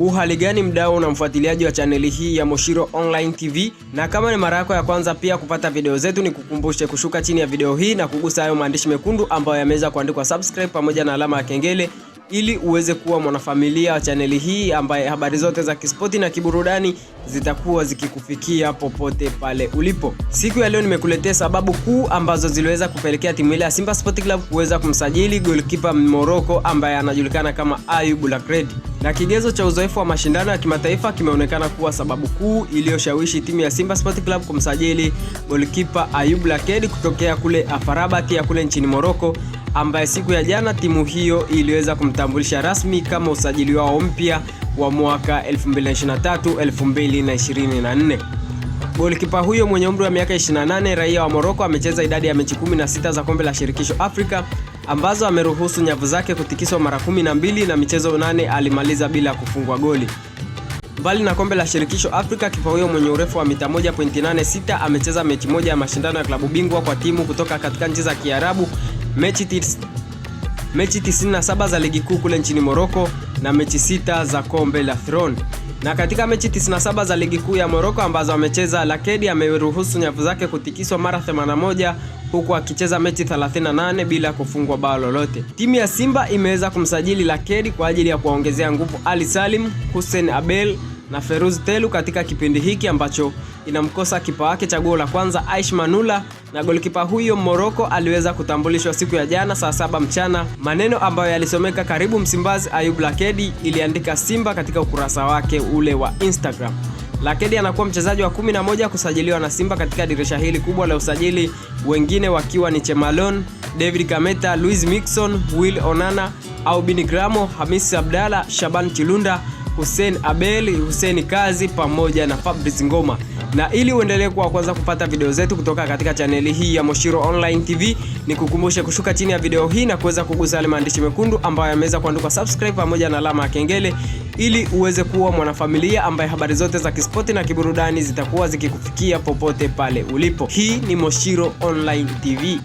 Uhali gani mdao na mfuatiliaji wa chaneli hii ya Moshiro Online TV, na kama ni mara yako ya kwanza pia kupata video zetu, ni kukumbushe kushuka chini ya video hii na kugusa hayo maandishi mekundu ambayo yameweza kuandikwa subscribe pamoja na alama ya kengele ili uweze kuwa mwanafamilia wa chaneli hii ambaye habari zote za kispoti na kiburudani zitakuwa zikikufikia popote pale ulipo. Siku ya leo nimekuletea sababu kuu ambazo ziliweza kupelekea timu ile ya Simba Sport Club kuweza kumsajili goalkeeper moroko ambaye anajulikana kama Ayub Lakredi na kigezo cha uzoefu wa mashindano ya kimataifa kimeonekana kuwa sababu kuu iliyoshawishi timu ya Simba Sport Club kumsajili golikipa Ayub Lakedi kutokea kule Afarabat ya kule nchini Moroko, ambaye siku ya jana timu hiyo iliweza kumtambulisha rasmi kama usajili wao mpya wa mwaka 2023-2024. Golikipa huyo mwenye umri wa miaka 28, raia wa Moroko, amecheza idadi ya mechi 16 za kombe la shirikisho Afrika ambazo ameruhusu nyavu zake kutikiswa mara 12 na michezo nane alimaliza bila kufungwa goli. Mbali na kombe la shirikisho Afrika, kipa huyo mwenye urefu wa mita 1.86 amecheza mechi moja ya mashindano ya klabu bingwa kwa timu kutoka katika nchi za Kiarabu, mechi tis, mechi 97 za ligi kuu kule nchini Morocco na mechi sita za kombe la Throne. Na katika mechi 97 za ligi kuu ya Moroko ambazo amecheza, Lakedi ameruhusu nyavu zake kutikiswa mara 81 huku akicheza mechi 38 bila kufungwa bao lolote. Timu ya Simba imeweza kumsajili Lakedi kwa ajili ya kuwaongezea nguvu Ali Salim, Hussein Abel na Feruz Telu katika kipindi hiki ambacho inamkosa kipa wake cha la kwanza Aish Manula, na golikipa huyo Moroko aliweza kutambulishwa siku ya jana saa saba mchana. Maneno ambayo yalisomeka karibu Msimbazi, Ayub Lakedi iliandika Simba katika ukurasa wake ule wa Instagram. Lakedi anakuwa mchezaji wa 11 kusajiliwa na Simba katika dirisha hili kubwa la usajili, wengine wakiwa ni Chemalon, David Kameta, Luis Mixon, Will Onana, Aubin Gramo, Hamis Abdalla, Shaban Chilunda Hussein abel Hussein Kazi pamoja na Fabrice Ngoma. Na ili uendelee kuwa kwanza kupata video zetu kutoka katika chaneli hii ya Moshiro Online TV, ni kukumbusha kushuka chini ya video hii na kuweza kugusa yale maandishi mekundu ambayo yameweza kuandikwa subscribe pamoja na alama ya kengele ili uweze kuwa mwanafamilia ambaye habari zote za kispoti na kiburudani zitakuwa zikikufikia popote pale ulipo. Hii ni Moshiro Online TV.